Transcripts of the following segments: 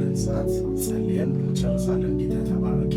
ባለን ሰዓት ጸልየን እንጨርሳለን። ጌታ ተባረክ።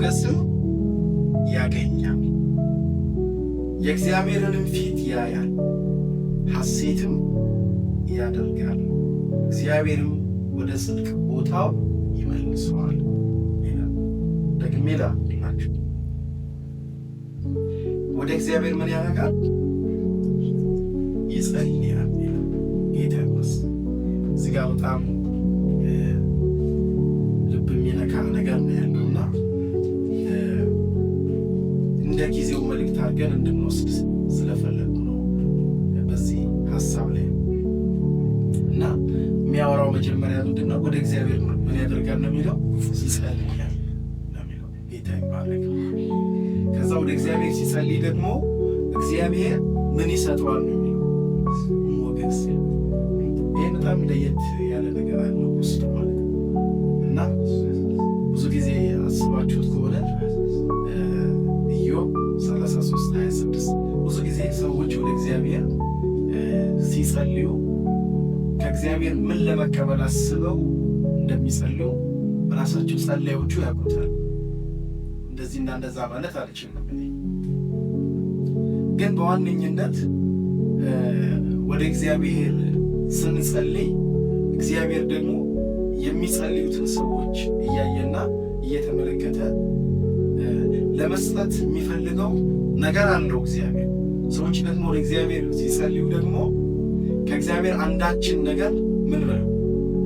ሞገስም ያገኛል። የእግዚአብሔርንም ፊት ያያል፣ ሐሴትም ያደርጋል። እግዚአብሔርም ወደ ጽድቅ ቦታው ይመልሰዋል። ደግሜ ላላችሁ ወደ እግዚአብሔር ምን ያደርጋል? ይጸልያል። ጌታ ይመስገን። እዚህ ጋር በጣም አድርገን እንድንወስድ ስለፈለጉ ነው በዚህ ሀሳብ ላይ እና የሚያወራው መጀመሪያ ምንድን ነው? ወደ እግዚአብሔር ምን ያደርጋል ነው የሚለው ይጸልያል ነው ጌታ ይባረክ። ከዛ ወደ እግዚአብሔር ሲጸልይ ደግሞ እግዚአብሔር ምን ይሰጠዋል ነው የሚለው ሞገስ። ይህ በጣም ለየት ያለ ነገር አለው ውስጡ ማለት እና ብዙ ጊዜ አስባችሁት ከሆነ ከእግዚአብሔር ምን ለመቀበል አስበው እንደሚጸልዩ ራሳቸው ጸላዮቹ ያውቁታል። እንደዚህ እና እንደዛ ማለት አልችልም። ግን በዋነኝነት ወደ እግዚአብሔር ስንጸልይ እግዚአብሔር ደግሞ የሚጸልዩትን ሰዎች እያየና እየተመለከተ ለመስጠት የሚፈልገው ነገር አለው እግዚአብሔር። ሰዎች ደግሞ ወደ እግዚአብሔር ሲጸልዩ ደግሞ ከእግዚአብሔር አንዳችን ነገር ምን ብለው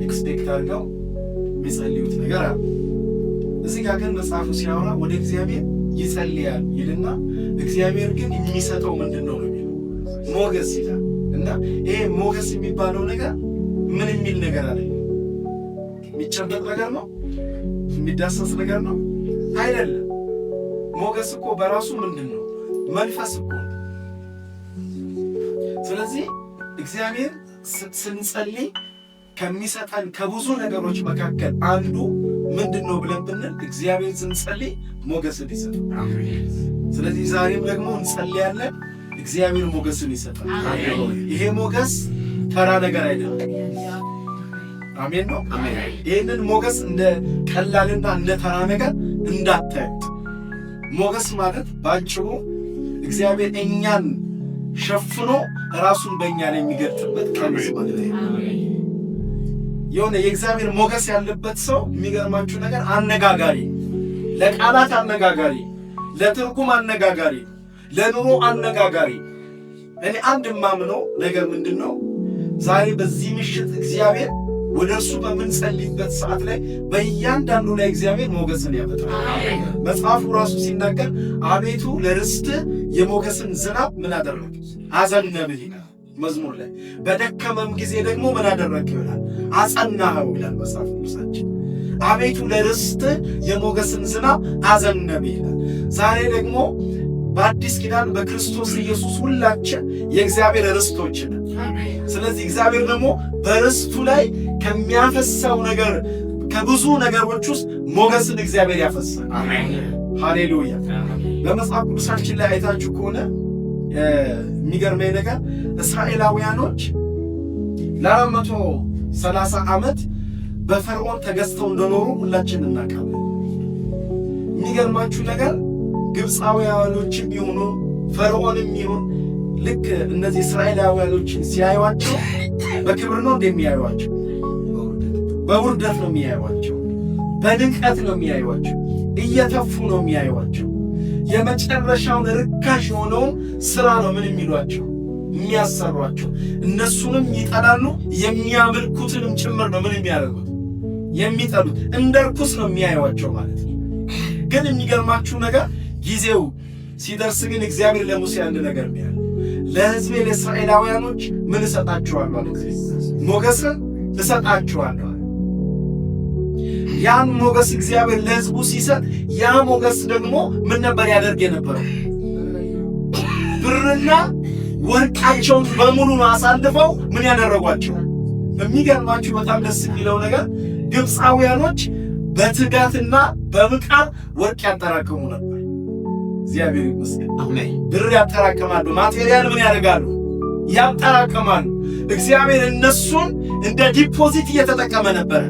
ኤክስፔክት አድርገው የሚጸልዩት ነገር አለ። እዚህ ጋር ግን መጽሐፉ ሲያወራ ወደ እግዚአብሔር ይጸልያል ይልና እግዚአብሔር ግን የሚሰጠው ምንድን ነው ነው የሚለው ሞገስ ይላል። እና ይሄ ሞገስ የሚባለው ነገር ምን የሚል ነገር አለ? የሚጨበጥ ነገር ነው? የሚዳሰስ ነገር ነው? አይደለም። ሞገስ እኮ በራሱ ምንድን ነው? መንፈስ እኮ። ስለዚህ እግዚአብሔር ስንጸልይ ከሚሰጠን ከብዙ ነገሮች መካከል አንዱ ምንድን ነው ብለን ብንል እግዚአብሔር ስንጸልይ ሞገስን ይሰጣል። ስለዚህ ዛሬም ደግሞ እንጸልያለን፣ እግዚአብሔር ሞገስን ይሰጣል። ይሄ ሞገስ ተራ ነገር አይደለም። አሜን ነው። ይህንን ሞገስ እንደ ቀላልና እንደ ተራ ነገር እንዳታዩት። ሞገስ ማለት ባጭሩ እግዚአብሔር እኛን ሸፍኖ ራሱን በእኛ ላይ የሚገልጥበት ቀን ማለት የሆነ የእግዚአብሔር ሞገስ ያለበት ሰው የሚገርማችሁ ነገር አነጋጋሪ፣ ለቃላት አነጋጋሪ፣ ለትርጉም አነጋጋሪ፣ ለኑሮ አነጋጋሪ። እኔ አንድ የማምነው ነገር ምንድን ነው? ዛሬ በዚህ ምሽት እግዚአብሔር ወደ እርሱ በምንጸልይበት ሰዓት ላይ በእያንዳንዱ ላይ እግዚአብሔር ሞገስን ያመጣል። መጽሐፉ ራሱ ሲናገር አቤቱ ለርስት የሞገስን ዝናብ ምን አደረግ አዘነበህ ይላል መዝሙር ላይ። በደከመም ጊዜ ደግሞ ምን አደረግ ይላል አጸናኸው ይላል መጽሐፍ ቅዱሳችን። አቤቱ ለርስት የሞገስን ዝናብ አዘነበህ ይላል። ዛሬ ደግሞ በአዲስ ኪዳን በክርስቶስ ኢየሱስ ሁላችን የእግዚአብሔር ርስቶች ነን። ስለዚህ እግዚአብሔር ደግሞ በርስቱ ላይ ከሚያፈሰው ነገር ከብዙ ነገሮች ውስጥ ሞገስን እግዚአብሔር ያፈሳል። ሃሌሉያ። በመጽሐፍ ቅዱሳችን ላይ አይታችሁ ከሆነ የሚገርመኝ ነገር እስራኤላውያኖች ለአራት መቶ ሰላሳ ዓመት በፈርዖን ተገዝተው እንደኖሩ ሁላችን እናውቃለን። የሚገርማችሁ ነገር ግብፃውያኖችም ቢሆኑ ፈርዖንም ይሁን ልክ እነዚህ እስራኤላውያኖችን ሲያዩቸው በክብር ነው እንደሚያዩቸው በውርደት ነው የሚያዩዋቸው፣ በንቀት ነው የሚያዩዋቸው፣ እየተፉ ነው የሚያዩዋቸው። የመጨረሻውን ርካሽ የሆነውን ስራ ነው ምን የሚሏቸው የሚያሰሯቸው። እነሱንም ይጠላሉ፣ የሚያመልኩትንም ጭምር ነው ምን የሚያደርጉት የሚጠሉት። እንደ ርኩስ ነው የሚያዩዋቸው ማለት ነው። ግን የሚገርማችሁ ነገር ጊዜው ሲደርስ ግን እግዚአብሔር ለሙሴ አንድ ነገር ያለ ለህዝቤ ለእስራኤላውያኖች ምን እሰጣችኋለሁ? ሞገስን እሰጣችኋለሁ ያን ሞገስ እግዚአብሔር ለህዝቡ ሲሰጥ ያ ሞገስ ደግሞ ምን ነበር ያደርግ የነበረው? ብርና ወርቃቸውን በሙሉ ነው አሳልፈው ምን ያደረጓቸው። በሚገርማችሁ በጣም ደስ የሚለው ነገር ግብፃውያኖች በትጋትና በብቃት ወርቅ ያጠራቀሙ ነበር። እግዚአብሔር ይመስገን። ብር ያጠራቀማሉ፣ ማቴሪያል ምን ያደርጋሉ? ያጠራቀማሉ። እግዚአብሔር እነሱን እንደ ዲፖዚት እየተጠቀመ ነበረ።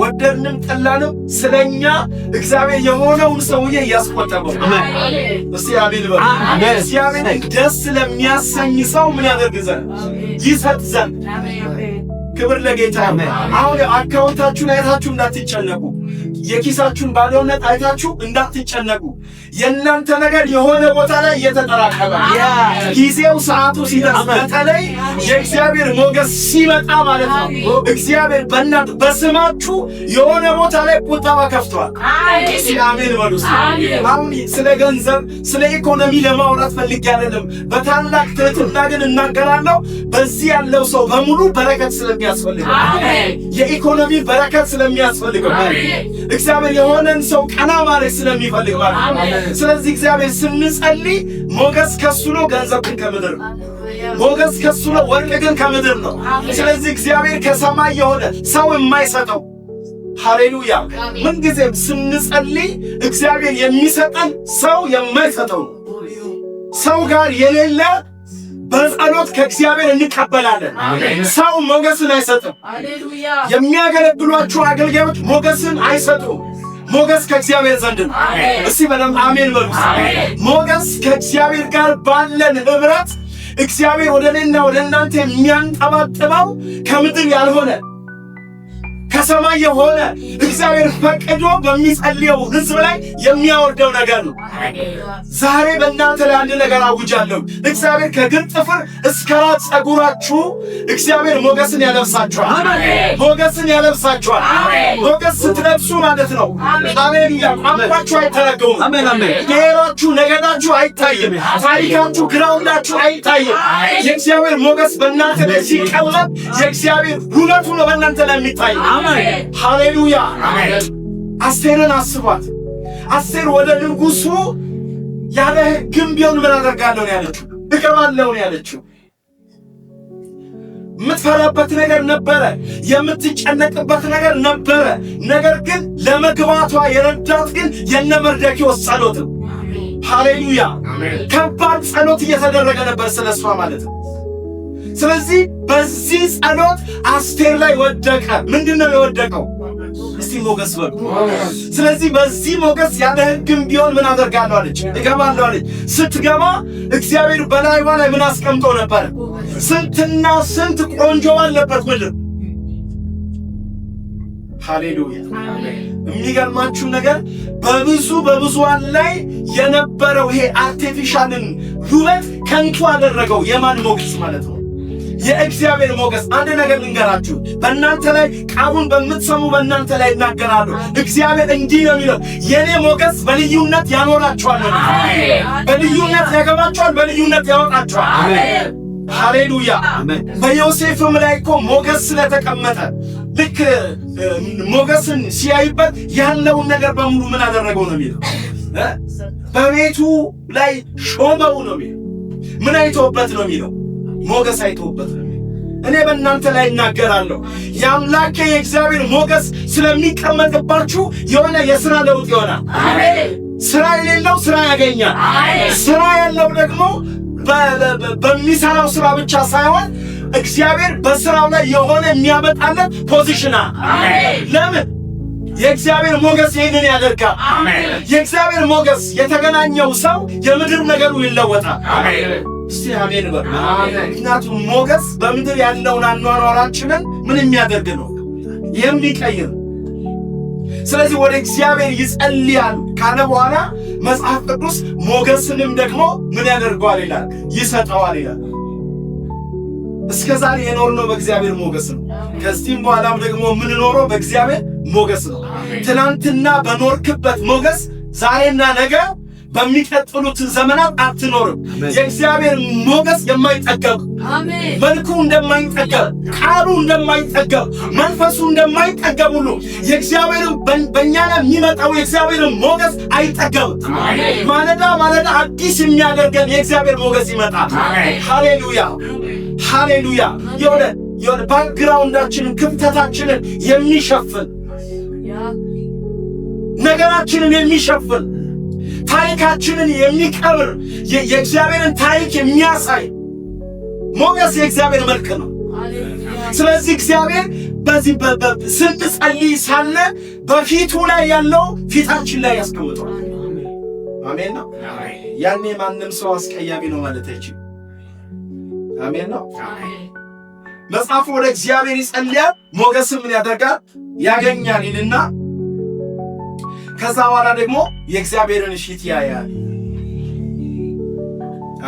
ወደድንም ጠላንም ስለኛ እግዚአብሔር የሆነውን ሰውዬ ያስቆጠበው። እስቲ አሜን በሉ። እግዚአብሔር ደስ ለሚያሰኝ ሰው ምን ያደርግ ዘንድ ይሰጥ ዘንድ ክብር ለጌታ ይሁን። አሁን አካውንታችሁን አይታችሁ እንዳትጨነቁ፣ የኪሳችሁን ባለውነት አይታችሁ እንዳትጨነቁ። የእናንተ ነገር የሆነ ቦታ ላይ እየተጠራቀመ ጊዜው ሰዓቱ ሲደርስ በተለይ የእግዚአብሔር ሞገስ ሲመጣ ማለት ነው። እግዚአብሔር በእናንተ በስማችሁ የሆነ ቦታ ላይ ቁጠባ ከፍቷል። አሜን በሉ። አሁን ስለ ገንዘብ ስለ ኢኮኖሚ ለማውራት ፈልጌ አይደለም። በታላቅ ትህትና ግን እናገራለሁ። በዚህ ያለው ሰው በሙሉ በረከት ስለሚያ ስለሚያስፈልገው፣ የኢኮኖሚ በረከት ስለሚያስፈልገው፣ እግዚአብሔር የሆነን ሰው ቀና ማለት ስለሚፈልግ ማለት። ስለዚህ እግዚአብሔር ስንጸልይ ሞገስ ከሱ ነው፣ ገንዘብ ግን ከምድር ነው። ሞገስ ከሱ ነው፣ ወርቅ ግን ከምድር ነው። ስለዚህ እግዚአብሔር ከሰማይ የሆነ ሰው የማይሰጠው ሃሌሉያ። ምንጊዜም ስንጸልይ እግዚአብሔር የሚሰጠን ሰው የማይሰጠው ነው፣ ሰው ጋር የሌለ በጸሎት ከእግዚአብሔር እንቀበላለን። ሰው ሞገስን አይሰጥም። የሚያገለግሏችሁ አገልጋዮች ሞገስን አይሰጡም። ሞገስ ከእግዚአብሔር ዘንድ ነው። እስቲ በደም አሜን በሉ። ሞገስ ከእግዚአብሔር ጋር ባለን ህብረት እግዚአብሔር ወደ እኔና ወደ እናንተ የሚያንጠባጥበው ከምድር ያልሆነ ከሰማይ የሆነ እግዚአብሔር ፈቅዶ በሚጸልየው ህዝብ ላይ የሚያወርደው ነገር ነው። ዛሬ በእናንተ ላይ አንድ ነገር አውጃለሁ። እግዚአብሔር ከግር ጥፍር እስከ ራስ ጸጉራችሁ እግዚአብሔር ሞገስን ያለብሳችኋል። ሞገስን ያለብሳችኋል። ሞገስ አትለብሱ ማለት ነው። አሜን። ቋንቋችሁ አይተረገሙም። ብሔራችሁ፣ ነገዳችሁ አይታይም። ታሪካችሁ፣ ግራውንዳችሁ አይታይም። የእግዚአብሔር ሞገስ በእናንተ ላይ ሲቀለብ የእግዚአብሔር ሁነቱ ነው በእናንተ ላይ የሚታይ። ሃሌሉያ። አስቴርን አስቧት። አስቴር ወደ ንጉሡ ያለ ሕግም ቢሆን ምን አደርጋለሁ ነው ያለችው፣ እገባለሁ ነው ያለችው የምትፈራበት ነገር ነበረ፣ የምትጨነቅበት ነገር ነበረ። ነገር ግን ለመግባቷ የረዳት ግን የነ መርዶክዮስ ጸሎት ነው። ሃሌሉያ! ከባድ ጸሎት እየተደረገ ነበር ስለ እሷ ማለት ነው። ስለዚህ በዚህ ጸሎት አስቴር ላይ ወደቀ። ምንድን ነው የወደቀው? በዚህ ሞገስ በሉ። ስለዚህ በዚህ ሞገስ ያለ ሕግም ቢሆን ምን አደርጋለሁ አለች፣ እገባለሁ አለች። ስትገባ እግዚአብሔር በላይዋ ላይ ምን አስቀምጦ ነበር? ስንትና ስንት ቆንጆ አለበት ምድር። ሃሌሉያ! የሚገርማችሁ ነገር በብዙ በብዙዋን ላይ የነበረው ይሄ አርቴፊሻልን ውበት ከንቱ አደረገው። የማን ሞገስ ማለት ነው? የእግዚአብሔር ሞገስ አንድ ነገር ልንገራችሁ፣ በእናንተ ላይ ቃሉን በምትሰሙ በእናንተ ላይ ይናገራሉ እግዚአብሔር እንዲህ ነው የሚለው የእኔ ሞገስ በልዩነት ያኖራችኋል፣ በልዩነት ያገባችኋል፣ በልዩነት ያወጣችኋል። ሃሌሉያ። በዮሴፍም ላይ እኮ ሞገስ ስለተቀመጠ ልክ ሞገስን ሲያዩበት ያለውን ነገር በሙሉ ምን አደረገው ነው የሚለው በቤቱ ላይ ሾመው ነው የሚለው ምን አይቶበት ነው የሚለው ሞገስ አይቶበት እኔ በእናንተ ላይ እናገራለሁ። የአምላኬ የእግዚአብሔር ሞገስ ስለሚቀመጥባችሁ የሆነ የሥራ ለውጥ ይሆናል። ስራ የሌለው ስራ ያገኛል። ስራ ያለው ደግሞ በሚሰራው ስራ ብቻ ሳይሆን እግዚአብሔር በስራው ላይ የሆነ የሚያመጣለት ፖዚሽና ለምን የእግዚአብሔር ሞገስ ይህንን ያደርጋል። የእግዚአብሔር ሞገስ የተገናኘው ሰው የምድር ነገሩ ይለወጣል። እስቲ አሜን በል። ምክንያቱም ሞገስ በምድር ያለውን አኗኗራችንን ምን የሚያደርግ ነው? የሚቀይር። ስለዚህ ወደ እግዚአብሔር ይጸልያል ካለ በኋላ መጽሐፍ ቅዱስ ሞገስንም ደግሞ ምን ያደርገዋል ይላል? ይሰጠዋል ይላል። እስከ ዛሬ የኖርነው በእግዚአብሔር ሞገስ ነው። ከዚህም በኋላም ደግሞ የምንኖረው በእግዚአብሔር ሞገስ ነው። ትናንትና በኖርክበት ሞገስ ዛሬና ነገር። በሚቀጥሉት ዘመናት አትኖርም። የእግዚአብሔር ሞገስ የማይጠገብ መልኩ እንደማይጠገብ፣ ቃሉ እንደማይጠገብ፣ መንፈሱ እንደማይጠገብ ሁሉ የእግዚአብሔር በእኛ ላይ የሚመጣው የእግዚአብሔር ሞገስ አይጠገብም። ማለዳ ማለዳ አዲስ የሚያደርገን የእግዚአብሔር ሞገስ ይመጣል። ሃሌሉያ ሃሌሉያ። የሆነ የሆነ ባክግራውንዳችንን ክፍተታችንን የሚሸፍን ነገራችንን የሚሸፍን ታሪካችንን የሚቀብር የእግዚአብሔርን ታሪክ የሚያሳይ ሞገስ የእግዚአብሔር መልክ ነው። ስለዚህ እግዚአብሔር በዚህ ስንጸልይ ሳለ በፊቱ ላይ ያለው ፊታችን ላይ ያስቀምጠዋል። አሜን ነው። ያኔ ማንም ሰው አስቀያሚ ነው ማለት አይችልም። አሜን ነው። መጽሐፉ ወደ እግዚአብሔር ይጸልያል፣ ሞገስም ምን ያደርጋል? ያገኛል ይልና ከዛ በኋላ ደግሞ የእግዚአብሔርን እሽት ያያል።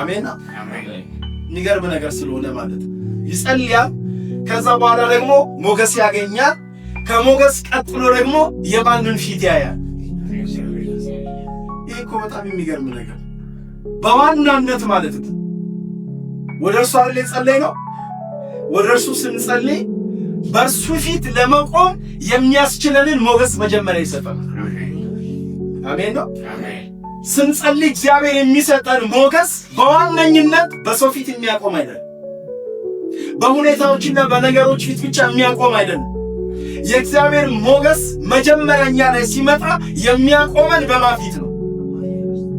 አሜና የሚገርም ነገር ስለሆነ ማለት ይጸልያል። ከዛ በኋላ ደግሞ ሞገስ ያገኛል። ከሞገስ ቀጥሎ ደግሞ የማንን ፊት ያያል? ይህ እኮ በጣም የሚገርም ነገር በዋናነት ማለት ነው ወደ እርሱ አይደል የጸለይ ነው። ወደ እርሱ ስንጸልይ በእርሱ ፊት ለመቆም የሚያስችለንን ሞገስ መጀመሪያ ይሰጠናል። አሜን ነው። ስንጸልይ እግዚአብሔር የሚሰጠን ሞገስ በዋነኝነት በሰው ፊት የሚያቆም አይደለም። በሁኔታዎችና በነገሮች ፊት ብቻ የሚያቆም አይደለም። የእግዚአብሔር ሞገስ መጀመሪያ እኛ ላይ ሲመጣ የሚያቆመን በማፊት ነው።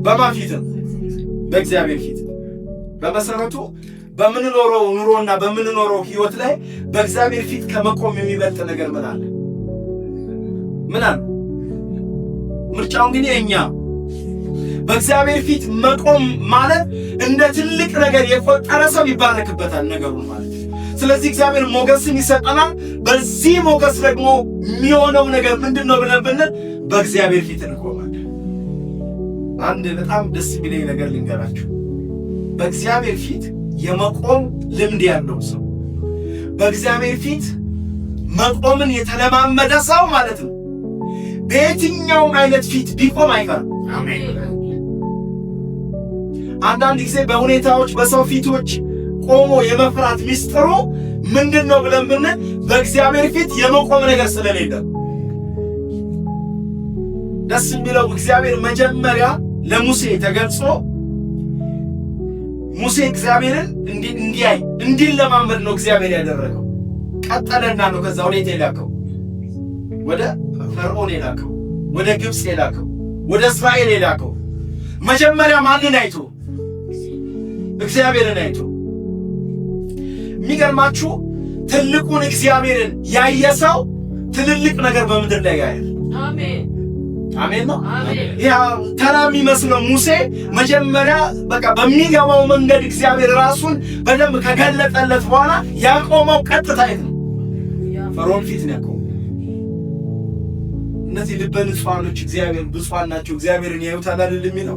በማፊት ነው፣ በእግዚአብሔር ፊት በመሰረቱ በምንኖረው ኑሮና በምንኖረው ህይወት ላይ በእግዚአብሔር ፊት ከመቆም የሚበልጥ ነገር ምን አለ? ምን አለ? ምርጫው እንግዲህ የኛ በእግዚአብሔር ፊት መቆም ማለት እንደ ትልቅ ነገር የቆጠረ ሰው ይባረክበታል ነገሩን ማለት ስለዚህ እግዚአብሔር ሞገስን ይሰጠናል። በዚህ ሞገስ ደግሞ የሚሆነው ነገር ምንድን ነው ብለን ብንል በእግዚአብሔር ፊት እንቆማል አንድ በጣም ደስ የሚለኝ ነገር ልንገራችሁ። በእግዚአብሔር ፊት የመቆም ልምድ ያለው ሰው፣ በእግዚአብሔር ፊት መቆምን የተለማመደ ሰው ማለት ነው በየትኛውም አይነት ፊት ቢቆም አይቀርም። አንዳንድ ጊዜ በሁኔታዎች በሰው ፊቶች ቆሞ የመፍራት ሚስጥሩ ምንድን ነው ብለን ብንል በእግዚአብሔር ፊት የመቆም ነገር ስለሌለ ደስ የሚለው እግዚአብሔር መጀመሪያ ለሙሴ ተገልጾ ሙሴ እግዚአብሔርን እንዲያይ እንዲለማመድ ነው እግዚአብሔር ያደረገው። ቀጠለና ነው ከዛ ወደ የት የላከው ወደ ፈርዖን የላከው፣ ወደ ግብፅ የላከው፣ ወደ እስራኤል የላከው መጀመሪያ ማንን አይቶ? እግዚአብሔርን አይቶ። የሚገርማችሁ ትልቁን እግዚአብሔርን ያየ ሰው ትልልቅ ነገር በምድር ላይ ያያል። አሜን አሜን ነው። ያ ተራ የሚመስለው ሙሴ መጀመሪያ በቃ በሚገባው መንገድ እግዚአብሔር ራሱን በደንብ ከገለጠለት በኋላ ያቆመው ቀጥታ አይት ነው፣ ፈርዖን ፊት ነው ያቆመው። እነዚህ ልበ ንጹሐኖች እግዚአብሔር ብፁዓን ናቸው፣ እግዚአብሔርን ያዩታል አይደል የሚለው።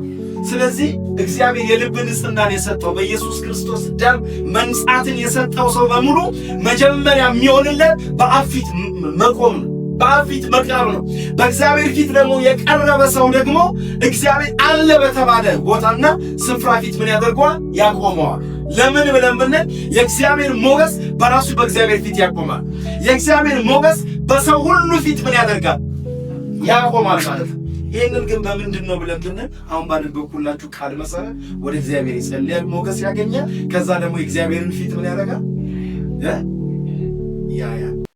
ስለዚህ እግዚአብሔር የልብ ንጽህናን የሰጠው በኢየሱስ ክርስቶስ ደም መንጻትን የሰጠው ሰው በሙሉ መጀመሪያ የሚሆንለት በአብ ፊት መቆም ነው፣ በአብ ፊት መቅረብ ነው። በእግዚአብሔር ፊት ደግሞ የቀረበ ሰው ደግሞ እግዚአብሔር አለ በተባለ ቦታና ስፍራ ፊት ምን ያደርገዋል? ያቆመዋል። ለምን ብለን ብንል የእግዚአብሔር ሞገስ በራሱ በእግዚአብሔር ፊት ያቆማል። የእግዚአብሔር ሞገስ በሰው ሁሉ ፊት ምን ያደርጋል? ያቆማል ማለት ነው። ይህንን ግን በምንድን ነው ብለን ብንል አሁን ባነበብኩላችሁ ቃል መሰረት ወደ እግዚአብሔር ይጸልያል፣ ሞገስ ያገኛል። ከዛ ደግሞ የእግዚአብሔርን ፊት ምን ያደርጋል ያ